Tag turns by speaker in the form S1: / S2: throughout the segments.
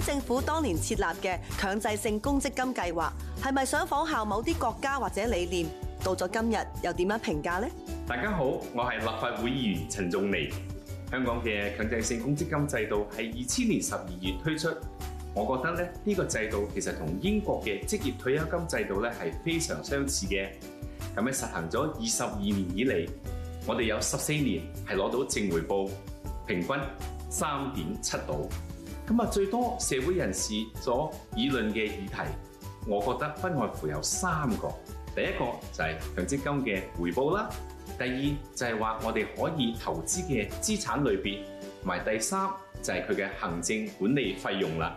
S1: 政府當年設立嘅強制性公積金計劃，係咪想仿效某啲國家或者理念？到咗今日又點樣評價呢？大
S2: 家好，我係立法會議員陳仲尼。香港嘅強制性公積金制度係二千年十二月推出，我覺得咧呢個制度其實同英國嘅職業退休金制度咧係非常相似嘅。咁咧實行咗二十二年以嚟，我哋有十四年係攞到正回報，平均三點七度。咁啊！最多社會人士所議論嘅議題，我覺得不外乎有三個。第一個就係強積金嘅回報啦。第二就係話我哋可以投資嘅資產類別，同埋第三就係佢嘅行政管理費用啦。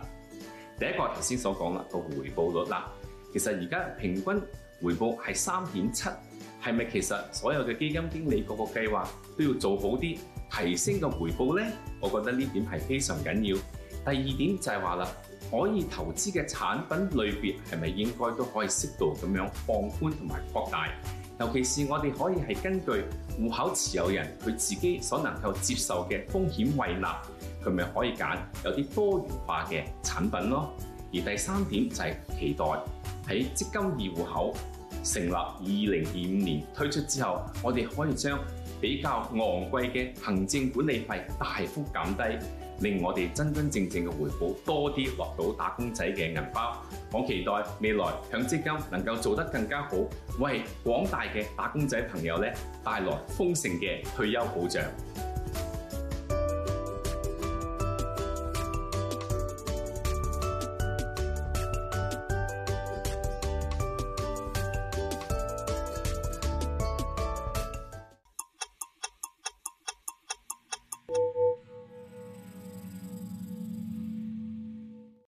S2: 第一個頭先所講啦個回報率啦，其實而家平均回報係三點七，係咪其實所有嘅基金經理嗰個計劃都要做好啲提升個回報呢？我覺得呢點係非常緊要。第二點就係話啦，可以投資嘅產品類別係咪應該都可以適度咁樣放寬同埋擴大，尤其是我哋可以係根據戶口持有人佢自己所能夠接受嘅風險胃納，佢咪可以揀有啲多元化嘅產品咯。而第三點就係期待喺積金二戶口。成立二零二五年推出之後，我哋可以將比較昂貴嘅行政管理費大幅減低，令我哋真真正正嘅回報多啲落到打工仔嘅銀包。我期待未來強積金能夠做得更加好，為廣大嘅打工仔朋友咧帶來豐盛嘅退休保障。